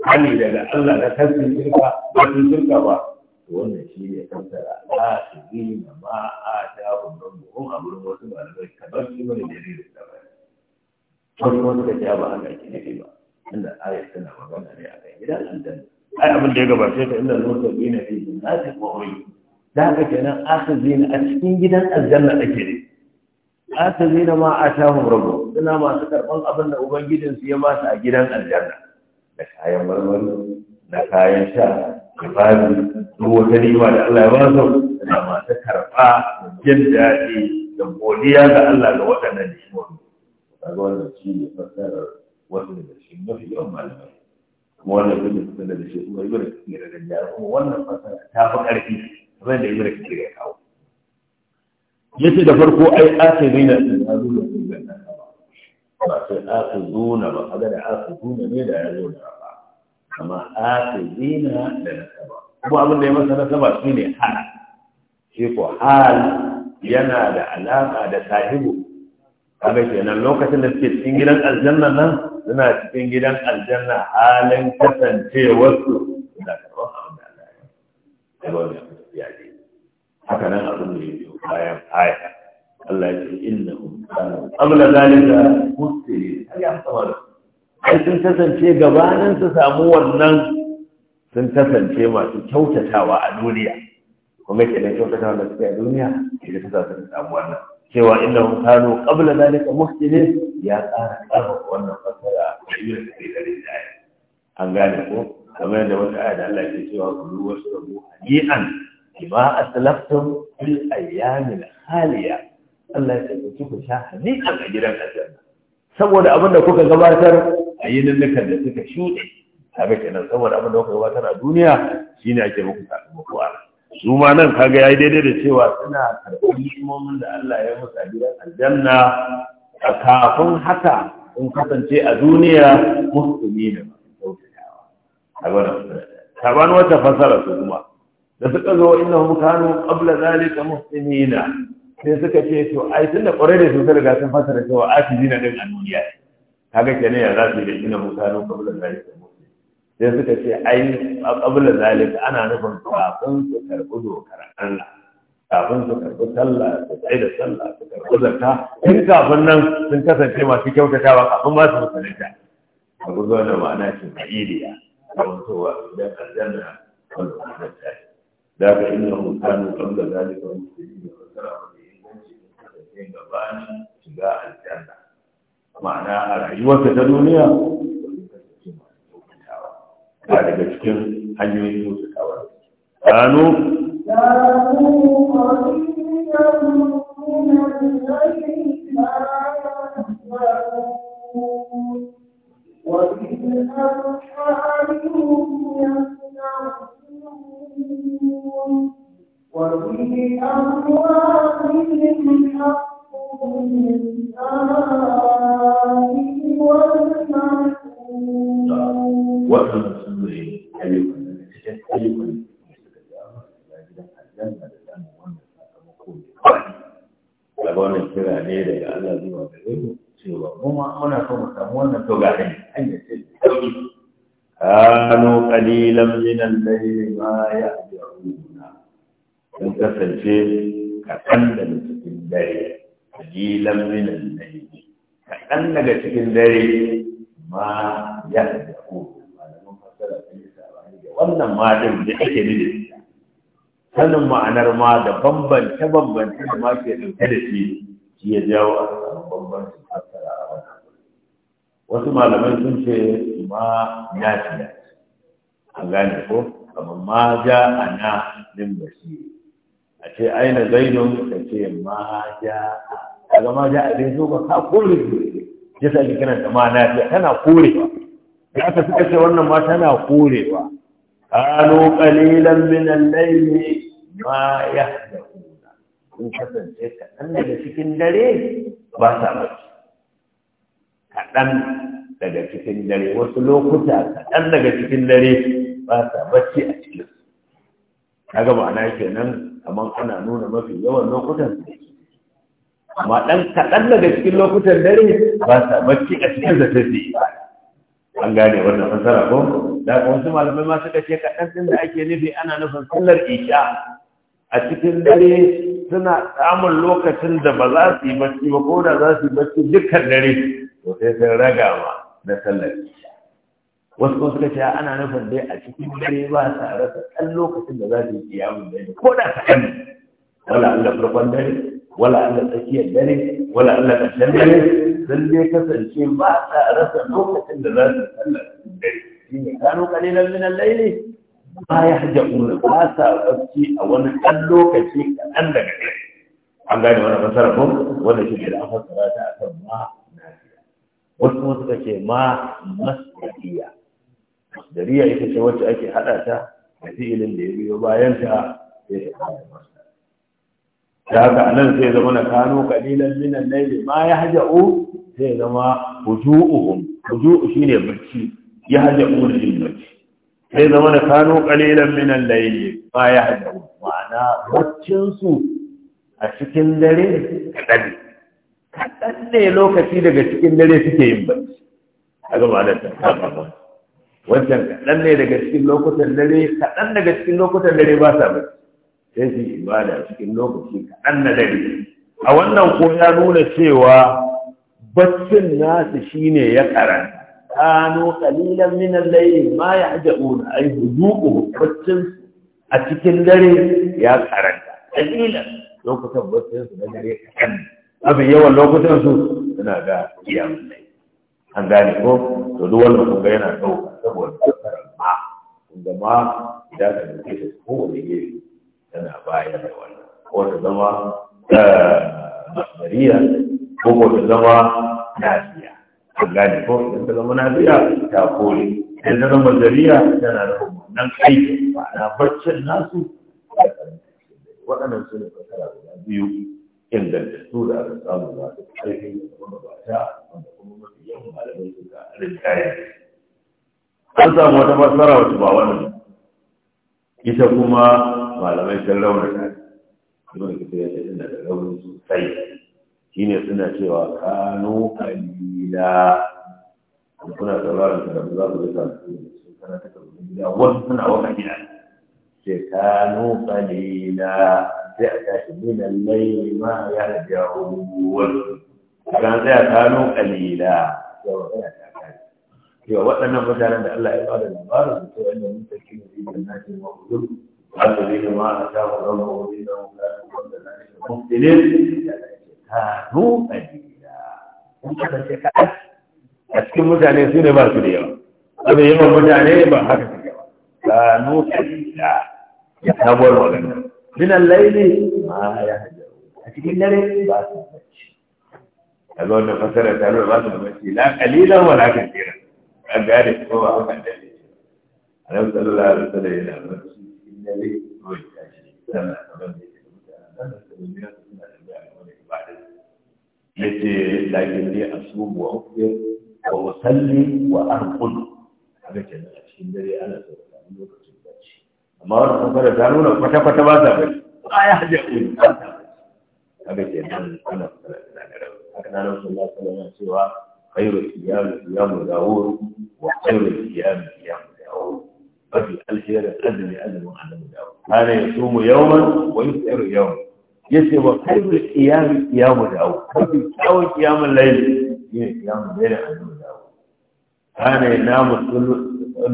hali daga Allah da yi shirka ba su shirka ba wannan shi ne fassara a su yi na ma a ta hannun buhun a wurin wasu malamai kamar shi mai jaririn da ba farko suka ja ba haka ki nufi ba inda ayat tana magana ne a kan gidan aljanna ai abin da ya gabace ta inda zuwa sabbi na fi jinnati ko hoyi da haka kenan aka zina a cikin gidan aljanna ake ne aka zina ma a ta hannun suna masu karɓar abin da ubangijinsu ya ba su a gidan aljanna da kayan marmari da kayan sha kafari ko wata nima da Allah ya ba su da masu karɓa da jin daɗi da godiya ga Allah ga waɗannan nishimomi ga wannan shi ne fassarar wasu daga cikin mafi yawan malamai kuma wannan duk da suka da shi kuma ibra kike da gajiya kuma wannan fasara ta fi ƙarfi kamar da ibra kike ya kawo yace da farko ai akhirina sun hazu da su ga nan ba sai akhiruna ba a kaga da akhiruna ne da ya zo da amma zina da nasaba kuma abin da ya masa nasaba shi ne hana shi ko hal yana da alaƙa da sahibu kaga kenan lokacin da suke cikin gidan aljanna nan suna cikin gidan aljanna halin kasancewar su da karɓar abin da Allah ya yi wani ya ce haka nan abin da ya yi bayan aya Allah ya ce inna hum kanu qabla zalika muslimin ai a saba da ai sun kasance gabanin su samu wannan sun kasance masu kyautatawa a duniya kuma ke nan kyautatawa da suka yi duniya ke da kasa sun samu wannan cewa inda mun kano kabla zalika muhsinin ya tsara karfafa wannan fasara da yi da kai dare da ai an gane ko kamar yadda wata aya da Allah ke cewa ku ruwa su rabu aslaftum fil haliya Allah ya ce ku sha hadiyan a gidan aljanna saboda abin da kuka gabatar a yi lullukan da suka shuɗe kaga kenan saboda abin da kuka gabatar a duniya shine ake muku sakamako a su ma nan kaga yayi daidai da cewa suna karɓar hikimomin da Allah ya musu a gidan aljanna kafin haka in kasance a duniya musulmi da masu kyautatawa a gwada taban wata fasara su kuma da suka zo inna hum kanu qabla zalika muslimina sai suka ce to ai tunda kware da su sun riga sun fasara cewa atizina din a duniya ne kaga kenan ya zafi da ina musa kabilan kabila zalika musu sai suka ce ai kabilan zalika ana nufin kafin su karɓi dokar Allah kafin su karɓi sallah su tsaye da sallah su karɓi zakka in kafin nan sun kasance masu kyautatawa kafin ba su musulunta a gudu wannan ma'ana ce ma'iriya a wantowa idan aljanna wanda ta tashi da ka inna hukanu kabilan zalika musulunta da fasara wanda inganci kasance gabanin shiga aljanna ma'ana a rayuwarka ta duniya ba daga cikin hanyoyin kyautatawa kanu
وفي أموالهم حق waɗanda
sun zai ayyukan daga cikin ayyukan da suka ji a da gidan aljanna da samun wannan wannan kira ne daga Allah zuwa gare mu cewa da kasance kaɗan daga cikin dare qalilan min al-layl kadan daga cikin dare ma ya ya'u malamin fasara sun yi sabani da wannan ma din da ake nufi sanin ma'anar ma da bambance bambance da ma ke dauke da shi shi ya jawo a samu bambance fasara a wannan wasu malamai sun ce ma ya ci A gane ko kamar ma ja na min basiri ce aina zainun ka ce ma ja kaga ma ja a dai zo ka ka kore ya sa ki kana na ce tana korewa Ya aka suka ce wannan ma tana korewa Kano kalilan min al-layli ma yahduna kun kasance kaɗan daga cikin dare ba sa bacci kaɗan daga cikin dare wasu lokuta kaɗan daga cikin dare ba sa bacci a cikin kaga ma'ana kenan amma ana nuna mafi yawan lokutan amma ɗan kaɗan daga cikin lokutan dare ba sa mafi a cikin da tafi an gane wannan fasara ko da su malamai ma suka ce kaɗan ɗin da ake nufi ana nufin sallar isha a cikin dare suna samun lokacin da ba za su yi bacci ba ko da za su yi bacci dukkan dare to sai sun raga ma na sallar isha wasu kuma suka ce ana nufin dai a cikin dare ba sa rasa ɗan lokacin da za su yi kiyamun dare ko da kaɗan wala Allah farkon dare wala Allah tsakiyar dare wala Allah ƙarshen dare sun dai kasance ba sa rasa lokacin da za su sallar dare shi ne kano kalilan minan laili ba ya hajja'una ba sa barci a wani ɗan lokaci kaɗan daga dare an gane wani fasara ko wanda shi ne da an fassara ta akan ma wasu suka ce ma mas masdariya ita ce wacce ake haɗa ta da fi'ilin da ya biyo bayan ta sai ta kare masdar da haka nan sai zama na kano kalilan minan laili ma ya haja'u sai zama huju'uhum huju'u shine bacci ya haja'u da yin bacci sai zama na kano kalilan minan laili ma ya haja'u ma'ana baccin su a cikin dare kaɗan kaɗan ne lokaci daga cikin dare suke yin bacci a gaba da ta ba wancan kaɗan ne daga cikin lokutan dare kaɗan daga cikin lokutan dare ba sa bacci sai su ibada cikin lokaci kaɗan na dare a wannan ko ya nuna cewa baccin nasu shine ya karanta kano kalilan min al-layl ma yahjaun ay huduu baccin a cikin dare ya karanta kalilan lokutan baccin su na dare kaɗan abin yawan lokutan su suna ga iyamun an gane ko to duk wannan kun ga yana ɗauka saboda fassarar ma kun ga ma idan ka ɗauke ta kowane gefe tana bayar da wannan ko ta zama masariya ko ko ta zama nasiya an gane ko idan ta zama nasiya ta kore idan ta zama zariya tana da wannan aiki ma'ana baccin nasu waɗannan su ne fasara guda biyu ingantattu da aka samu da ƙarfi da kuma ba ta wanda kuma an samu wata fassara wacce ba wannan ita kuma malamai sun raunata kuma da kusa yace suna da raunin sosai shine suna cewa kano kalila suna sauraron ka da za su ga su sun kana ta kalli gida wasu suna waka gida ce kano kalila sai a tashi minan laima, layli ma
yarja'un kan tsaya kanu
kalila yawa tsaya ta kai yawa waɗannan mutanen da Allah ya ba da labarin su sai wanda mun tafi da ibn nasin wa hudur Allah ne ma a ta mu ran mu da mu da wanda na ne mu dinin kanu kalila kun ka ce ka a cikin mutane su ne ba su da yawa abin yawan mutane ba haka suke ba kanu kalila ya sabuwar magana min al-layli ma ya hajaru a cikin dare ba su bacci a ga fasara ta lura ba da mace la kalilan wa la kafira a ga da ko ba haka da ne annabi sallallahu alaihi wasallam yana da mace in da ne ko ya shi sannan kamar da yake mutane da su ne suna da ga ibada yace lakin ni asubu wa ufir wa usalli wa arqud haka kenan a cikin dare ana so ka lokacin bacci amma wannan fasara ta nuna kwata-kwata ba sa ba ya ba kaga ke nan ana kusa da rai haka na nan sun zafi yana cewa khairu siyamu siyamu dawud wa khairu siyamu siyamu dawud mafi alherin azumi azumin annabi dawud kana ya sumu yawman wa yusiru yawman yace wa khairu siyamu siyamu dawud mafi kyawun kiyamun laili shine kiyamun laili
annabi dawud
kana ya namu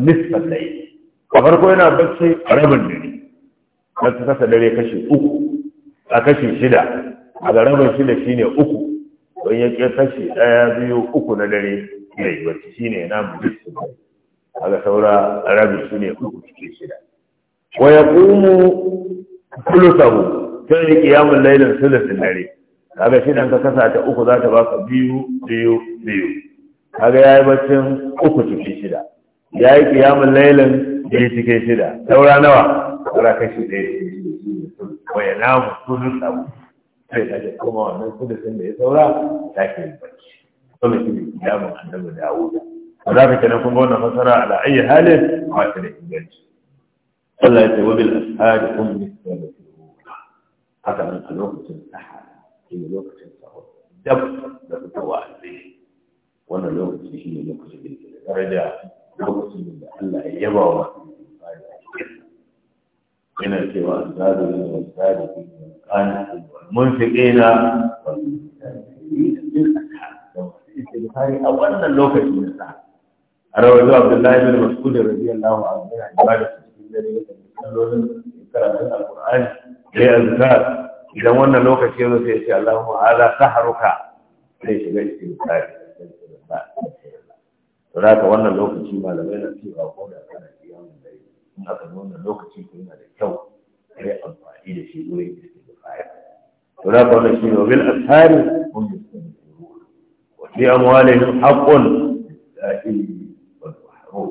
nisfan laili a farko yana bacci a rabin dare na kasa dare kashi uku a kashi shida a ga rabin shi ne uku don ya ƙi kashi ɗaya biyu uku na dare ya yi shi ne na mujistu a ga saura rabin ne uku cikin shida wa ya ƙumu sulusahu sai ya yamun lailin sulusin dare ga shi ka kasa ta uku za ta baka biyu biyu biyu ga ya yi baccin uku cikin shida ya yi ƙiyamun lailin biyu cikin shida saura nawa saura kashi ɗaya cikin shida wa ya namu sulusahu sai ta ce kuma wannan sudusin da ya saura ta ke yi barci kuma shi ne kiyamun annabi dawuda ba za ka kira kuma wannan fasara ala ayi halin ba ta da inganci Allah ya ce wa bil ashari hum yasalluna haka nan a lokacin sahara shi ne lokacin sahur dab da fitowa alzai wannan lokaci shi ne lokacin da ke da daraja lokacin da Allah ya yaba wa masu yin fari a cikin yana cewa azzalimi wa zalimi wa qanitu wa munfiqina wa Bukhari a wannan lokaci na sa a rawaito Abdullahi bin Mas'ud radiyallahu ba yana ibada cikin dare da sallolin karatun Al-Qur'ani da azkar idan wannan lokaci yazo sai ya ce Allahu ala saharuka sai shiga cikin Bukhari to wannan lokaci malamai na cewa ko da kana in aka zo wannan lokaci ko yana da kyau kai amfani da shi wurin istighfar
to da kawai shi ne bil ashari
hum yastaghfirun wa fi amwalihim haqqun lil-sa'ili wal mahrum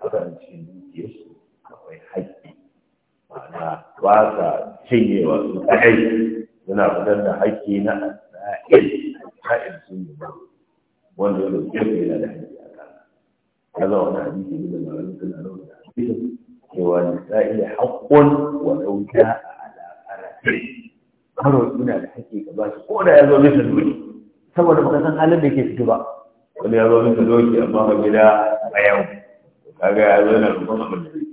haka an ce yesu akwai haƙƙi ma'ana ba ka cinyewa su kai yana fitar da haƙƙi na sa'il sa'il sun yi ba wanda ya roƙe yana da haƙƙi a kan kaza wani hadisi ne da malamin suna rauni a cikin cewa nisa'i haƙƙun wa ɗauka a al'arafin maro suna da haƙƙi ka ba su ko da ya zo bisa doki saboda ka san halin da ke fito ba wani ya zo bisa doki amma ba gida a yau kaga ya zo yana rukun abin da doki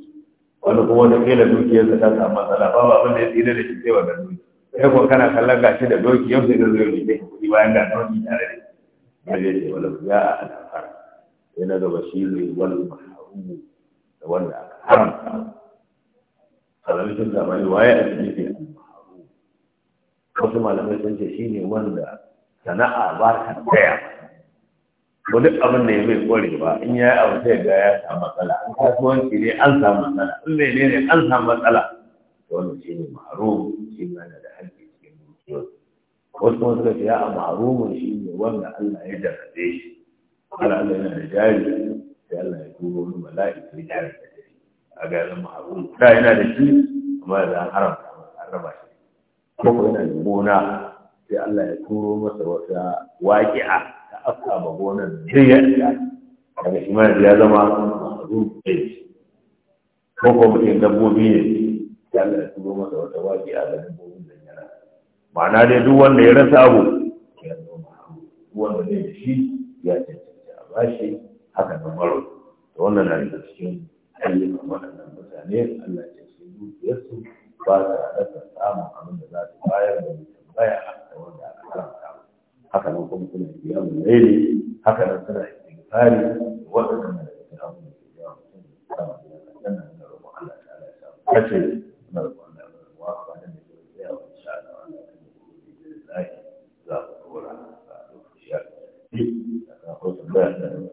wani kuma wanda kila dukiyarsa ta samu matsala ba ba abin da ya tsira da shi sai wannan doki sai kuma kana kallon gashi da doki yau sai da zo ne sai kuɗi bayan da doki tare da shi ba zai ce wani ya a Sai na gaba shi ne wal maharu da wanda aka haramta salamitun zamani waye a cikin wasu malamai sun ce shi wanda sana'a ba ta tsaya Wani abin da ya bai kore ba in ya yi abu sai ga ya samu matsala an kasuwanci ne an samu matsala in mai ne ne an samu matsala Wani shi ne maharum shi ne da haƙƙi cikin dukiyar wasu kuma suka ce a maharumin shi ne wanda Allah ya jarabe shi Allah Allah yana da jari sai Allah ya turo wani mala'ika ya jarrabe a ga yanzu abu da yana da shi amma da zan haramta an raba shi ko ko yana da gona sai Allah ya turo masa wata waƙi'a ta afka ma gonar dirya da daga shi ma ya zama abu ɗaya shi ko ko mutum dabbobi ne sai Allah ya turo masa wata waƙi'a da dabbobin da yana ma'ana dai duk wanda ya rasa abu ya zama duk wanda ne da shi ya cancanta a bashi haka na maro Da wannan na da cikin ayyukan waɗannan mutane Allah ya ce dukiyarsu ba ta rasa samun abin da za ta bayar da mutum baya da wanda aka haramta haka nan kuma suna biya mu laili haka nan suna istighfari waɗannan da ke abin da ke biya mutum da samun da ya kan nan da roƙon Allah ta Allah ya samu kace na roƙon Allah ya samu wa ba da ne ke biya wa insha Allah Allah ya kan ku da zai za ku dora a lokaci ya ce da ka hoto da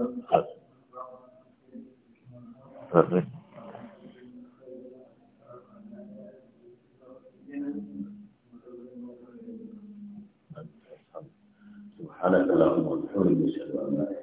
سبحانك اللهم وبحمدك اشهد ان لا اله الا انت